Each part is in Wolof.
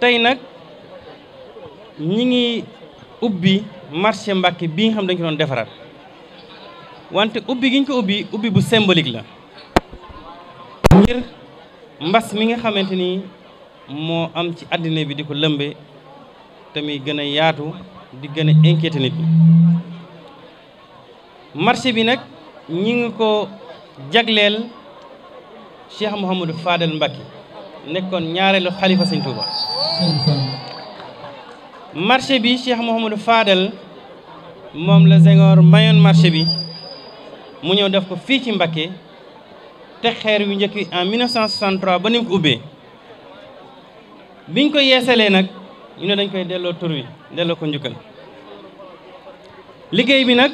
tey nag ñi ngi ubbi marché Mbàkke bi nga xam dañ ko doon defaraat wante ubbi gi ñu ko ubbi ubbi bu symbolique la ngir mbas mi nga xamante ni moo am ci àddina bi di ko lëmbe te muy gën a yaatu di gën a inquiété nit ñi marché bi nag ñi ngi ko jagleel Cheikh Mouhamadou Fadel Mbacke nekkoon ñaareelu xalifa sëñ Touba marché bi Cheikh Mouhamadou Fadel moom la Senghor mayoon marché bi mu ñëw def ko fii ci Mbacké te xeer yu njëkk en 1963 ba ni mu ko ubbee biñ ko yeesalee nag ñu ne dañ koy delloo tur delloo ko njukkal liggéey bi nag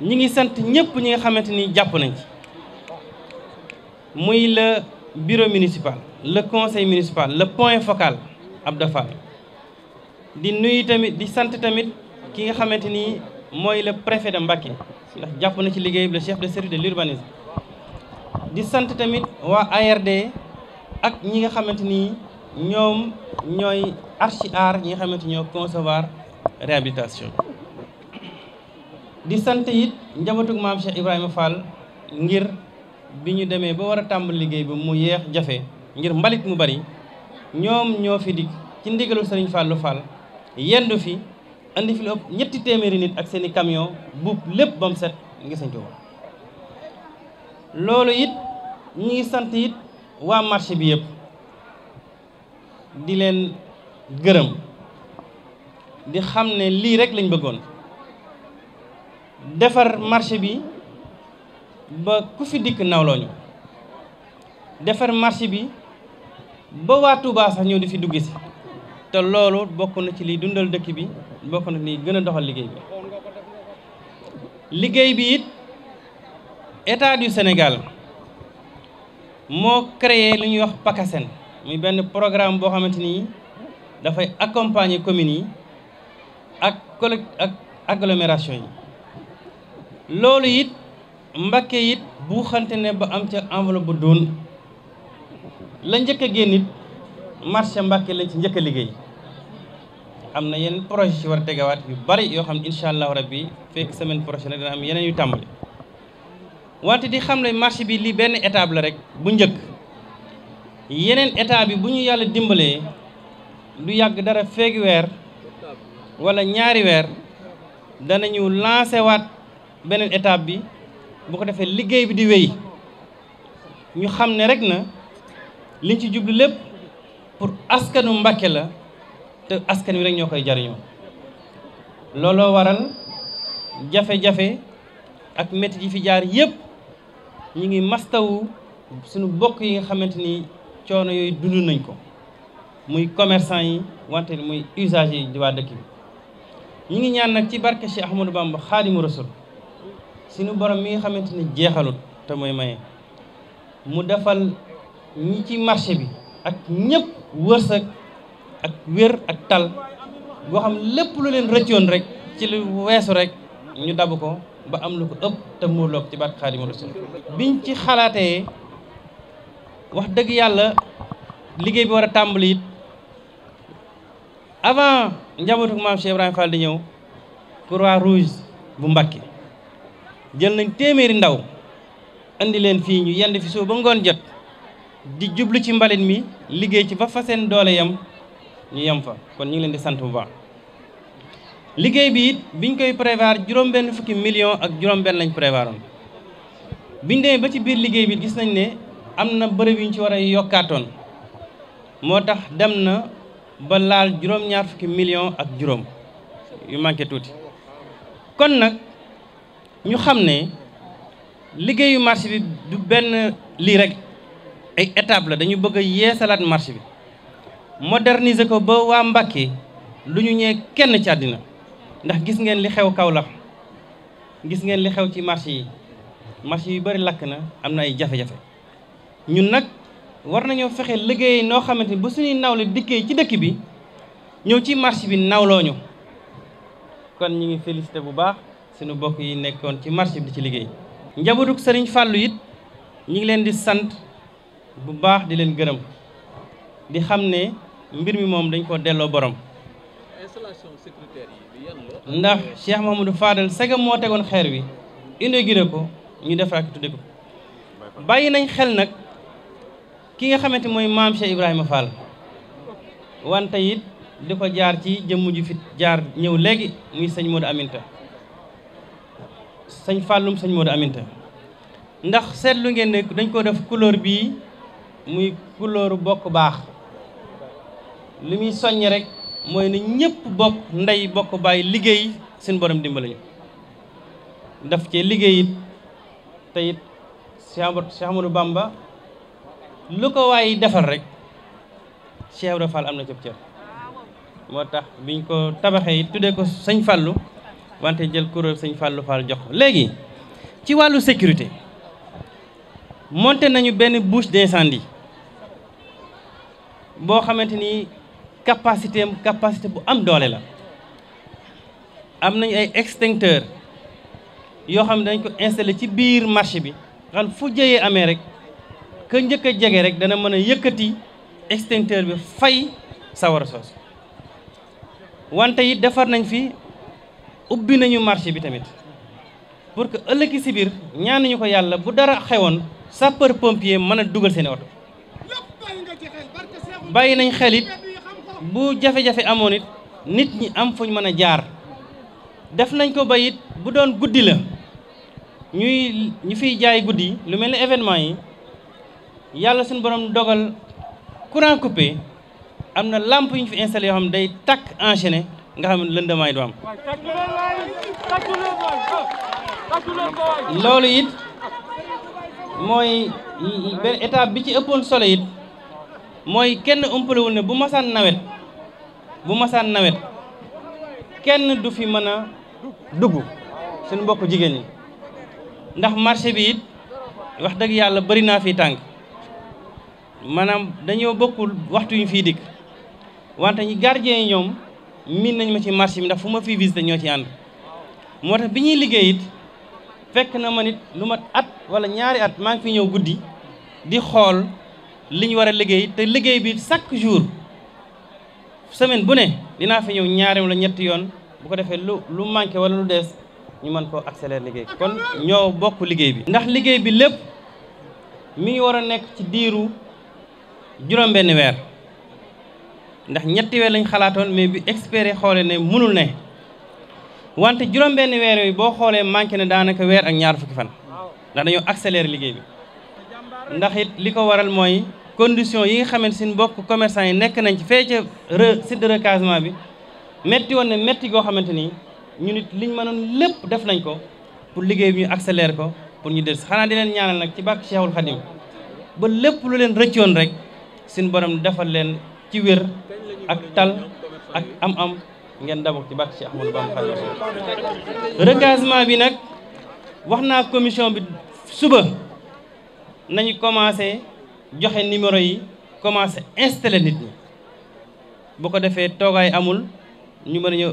ñi ngi sant ñëpp ñi nga xamante ni jàpp nañ ci muy la bureau municipal le conseil municipal le point focal Abda Fall di nuy tamit di sant tamit ki nga xamante ni mooy le préfet de Mbacké ndax jàpp na ci liggéey bi le chef de service de l'urbanisme di sant tamit waa ARD ak ñi nga xamante ni ñoom ñooy archi art ñi nga xamante ñoo concevoir réhabilitation di sant it njabootug maam Cheikh Ibrahima Fall ngir bi ñu demee ba war a tàmbali liggéey bi mu yeex jafe ngir mbalit mu bari ñoom ñoo fi dikk ci ndigalul Serigne Fallou Fall yendu fi andi fi lu ëpp ñetti téeméeri nit ak seeni i camion buub lépp ba mu set ngi sañ Tuuba loolu it ñu ngi sant it waa marché bi yëpp di leen gërëm di xam ne lii rek lañ bëggoon defar marché bi ba ku fi dikk nawloo defar marché bi ba waa Touba sax ñëw di fi dugg si te loolu bokku na ci liy dundal dëkk bi bokk na liy gën a doxal liggéey bi liggéey bi it état du Sénégal moo créé li ñuy wax PACASEN muy benn programme boo xamante ni dafay accompagner communes yi ak collect ak agglomération yi loolu it Mbàkke it bu xante ne ba am ca enveloppe bu doon la njëkk a génn it marché ci njëkk a liggéey am na yeneen projet ci war a tegawaat yu bari yoo xam ne incha allahu rabbi fekk semaine prochaine dina am yeneen yu tàmbali wante di xam ne marché bi lii benn étape la rek bu njëkk yeneen état bi bu ñu yàlla dimbalee lu yàgg dara feegi weer wala ñaari weer dana lancé waat beneen étape bi bu ko defee liggéey bi di wéy ñu xam ne rek na liñ ci jublu lépp pour askanu Mbàkke la te askan wi rek ñoo koy jariñoo looloo waral jafe-jafe ak métti yi fi jaar yépp ñu ngi mastawu suñu bokk yi nga xamante ni coono yooyu dund nañ ko muy commerçant yi wante muy usagers yi di waa dëkk bi ñi ngi ñaan nag ci barke Cheikh Ahmadou Bamba Xaadimu Rasul suñu borom mi nga xamante ne jeexalut te mooy maye mu defal ñi ci marché bi ak ñëpp wërsëg ak wér ak tal boo xam lépp lu leen rëccoon rek ci lu weesu rek ñu dab ko ba am lu ko ëpp te muurloog ci baat Xaadimu Rasul biñ ci xalaatee wax dëgg yàlla liggéey bi war a tàmbali it avant njabootu maam Cheikh Ibrahima Fall di ñëw Croix Rouge bu Mbàkke jël nañ téeméeri ndaw indi leen fii ñu yend fi suuf ngoon jot di jublu ci mbalit mi liggéey ci ba seen doole yam ñu yem fa kon ñu leen di sant bu baax liggéey bi it biñ koy prévoir juróom-benn fukki million ak juróom-benn lañ prévoiroon biñ demee ba ci biir liggéey bi gis nañ ne am na bërëb yu ñu ci war a yokkaatoon moo tax dem na ba laal juróom-ñaar fukki million ak juróom yu manqué tuuti kon nag ñu xam ne liggéeyu marché bi du benn lii rek ay étape la dañu bëgg a yeesalaat marché bi moderniser ko ba waa Mbacké lu ñu ñee kenn ci àddina ndax gis ngeen li xew kaw la gis ngeen li xew ci marché yi marché yu bari lakk na am na ay jafe-jafe ñun nag war nañoo fexe liggéey noo xamante ni ba suñuy nawle dikkee ci dëkk bi ñëw ci marché bi nawloo ñu kon ñu ngi félicité bu baax suñu bokk yi nekkoon ci marché bi di ci liggéey njabootuk sëriñ fàllu it ñi ngi leen di sant bu baax di leen gërëm di xam ne mbir mi moom dañ ko delloo borom ndax Cheikh Mahamadou Fadal sega moo tegoon xeer wi inauguré ko ñu defaraat ko bàyyi nañ xel nag ki nga xamante mooy maam Cheikh Ibrahima Fall wante it di ko jaar ci jëmm ju fit jaar ñëw léegi muy sëñ Modou Aminta sëñ fàllum sëñ Modou Aminta ndax seetlu ngeen ne dañ koo def couleur bii muy couleur bokk baax li muy soññ rek mooy ne ñëpp bokk ndey bokk bàyyi liggéey seen borom dimbali ñu cee liggéey it te it Cheikh lu ko waaye defal rekk Cheikh Ibra Fall am na cëp cër moo tax biñ ko tabaxee it tuddee ko sëñ fàllu wante jël kuréel sëñ Fallou Fall jox ko léegi ci wàllu sécurité monté nañu benn bouche d'incendie boo xamante ni capacité am capacité bu am doole la am nañu ay extincteur yoo xam ne dañ ko installé ci biir marché bi xam fu jëyee amee rek ka njëkk a jege rek dana mën a yëkkati extincteur bi fay sawara soos wante it defar nañ fi ubbi nañu marché bi tamit pour que ëllëki si biir ñaan ko yàlla bu dara xewoon sapeur pompier mën a dugal seen oto bàyyi nañ xel it bu jafe-jafe amoon it nit ñi am fuñ mën a jaar def nañ ko ba bu doon guddi la ñuy ñu fiy jaay guddi lu mel ni événement yi yàlla seen borom dogal courant coupé am na lampe yu ñu fi installé yoo xam ne day takk enchaîné nga xam ne lëndamaay du am loolu it mooy étape bi ci ëppoon solo it mooy kenn ëmpalewul ne bu masaan nawet bu masaan nawet kenn du fi mën a dugg suñu mbokk jigéen ñi ndax marché bi it wax dëgg yàlla bari naa fi tànk maanaam dañoo bokkul waxtuñu fii ñu fiy wante ñi gardien miin nañ ma ci marché bi ndax fu ma fii visité ñoo ci ànd moo tax bi ñuy liggéey fekk na ma nit lu mat at wala ñaari at maa ngi fi ñëw guddi di xool li ñu war a liggéey te liggéey bi chaque jour semaine bu ne dinaa fi ñëw ñaari wala ñetti yoon bu ko defee lu lu manqué wala lu des ñu mën koo accélérer liggéey kon ñoo bokk liggéey bi. ndax liggéey bi lépp mi ngi war a nekk ci diiru juróom-benni weer. ndax ñetti weer lañ xalaatoon mais bi expert xoole xoolee ne mënul ne wante juróom-benn weer yooyu boo xoolee manqué ne daanaka weer ak ñaar fukki fan ndax dañoo accéléré liggéey bi ndax it li ko waral mooy condition yi nga xamante sin mbokk commerçant yi nekk nañ ci fee ca site de recasement bi métti woon ne métti goo xamante nii ñu nit liñ mënoon lépp def nañ ko pour liggéey bi ñu accéléré ko pour ñu des xanaa di leen ñaanal nag ci bàkk Cheikhul Khadim ba lépp lu leen rëccoon rek suñu borom defal leen ci wér ak tal ak am-am ngeen dabok ci bàkk ci Ahmadou Bamba Xaadimu Rasuul recasement bi nag wax naa commission bi suba nañu commencé joxe numéro yi commencé installé nit ñi bu ko defee toogaay amul ñu mën a ñëw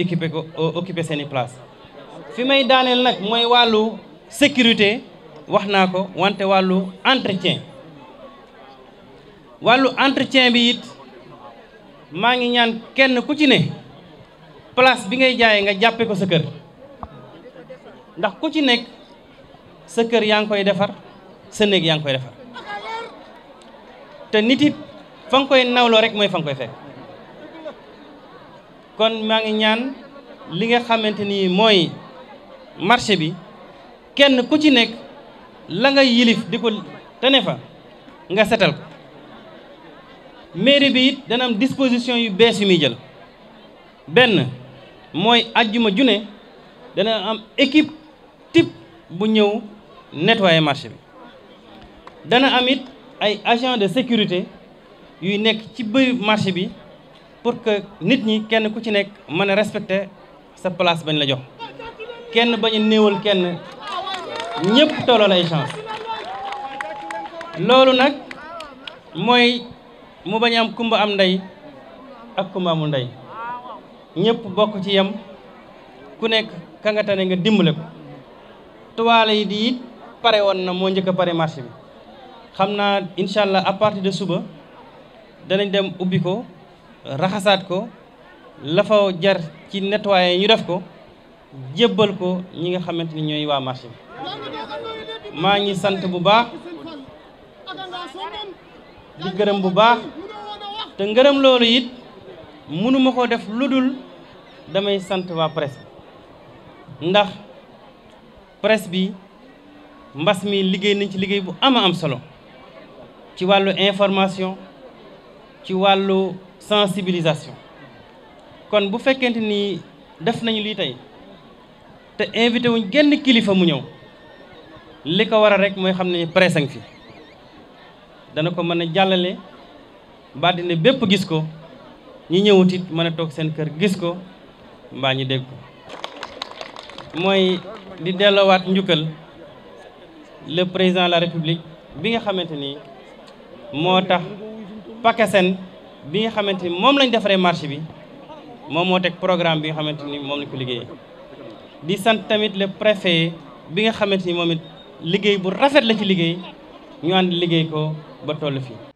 équiper ko euh, occuper seeni place fi may daaneel nag mooy wàllu sécurité wax naa ko wante wàllu entretien wàllu entretien bi it maa ngi ñaan kenn ku ci ne place bi ngay jaayee nga jàppe ko sa kër ndax ku ci nekk sa kër yaa ngi koy defar sa néeg koy defar te nit it fa koy nawloo rek mooy fa nga koy fekk kon maa ngi ñaan li nga xamante ni mooy marché bi kenn ku ci nekk la nga yilif di ko tene fa nga setal mairie bi it dana am disposition yu bees yu muy jël benn mooy ajjuma june dana am équipe type bu ñëw nettoyer marché bi dana am it ay agent de sécurité yuy nekk ci bëri marché bi pour que nit ñi kenn ku ci nekk mën a respecter sa place bañ la jox kenn bañ a néewal kenn ñëpp tolloo ay chance loolu nag mooy mu bañ am kumba am ndey ak kumba amul ndey ñëpp bokk ci yem ku nekk kangatane nga tane nga ko tuwaale yi di pare woon na moo njëkk a pare marché bi xam naa incha allah à partir de suba danañ dem ubbi ko raxasaat ko la jar ci nettoyer ñu def ko jébbal ko ñi nga xamante ni ñooy waa marché bi maa ngi sant bu baax di gërëm bu baax te ngërëm loolu it mënuma ko def lu dul damay sant waa presse ndax presse bi mbas mi liggéey nañ ci liggéey bu ama am solo ci wàllu information ci wàllu sensibilisation kon bu fekkente ni def nañu lii tey te invité wuñ genn kilifa mu ñëw li ko waral rek mooy xam ne presse a ngi fi dana ko mën a jàllale ba dina bépp gis ko ñi ñëwut mën a toog seen kër gis ko mbaa ñu dégg ko mooy di delloowaat njukkal le président la république bi nga xamante ni moo tax PACASEN bi nga xamante ni moom lañ defaree marché bi moom moo teg programme bi nga xamante ni moom lañ ko liggéeyee. di sant tamit le préfet bi nga xamante ni moom it liggéey bu rafet la ci liggéey ñu ànd liggéey ko ba toll fii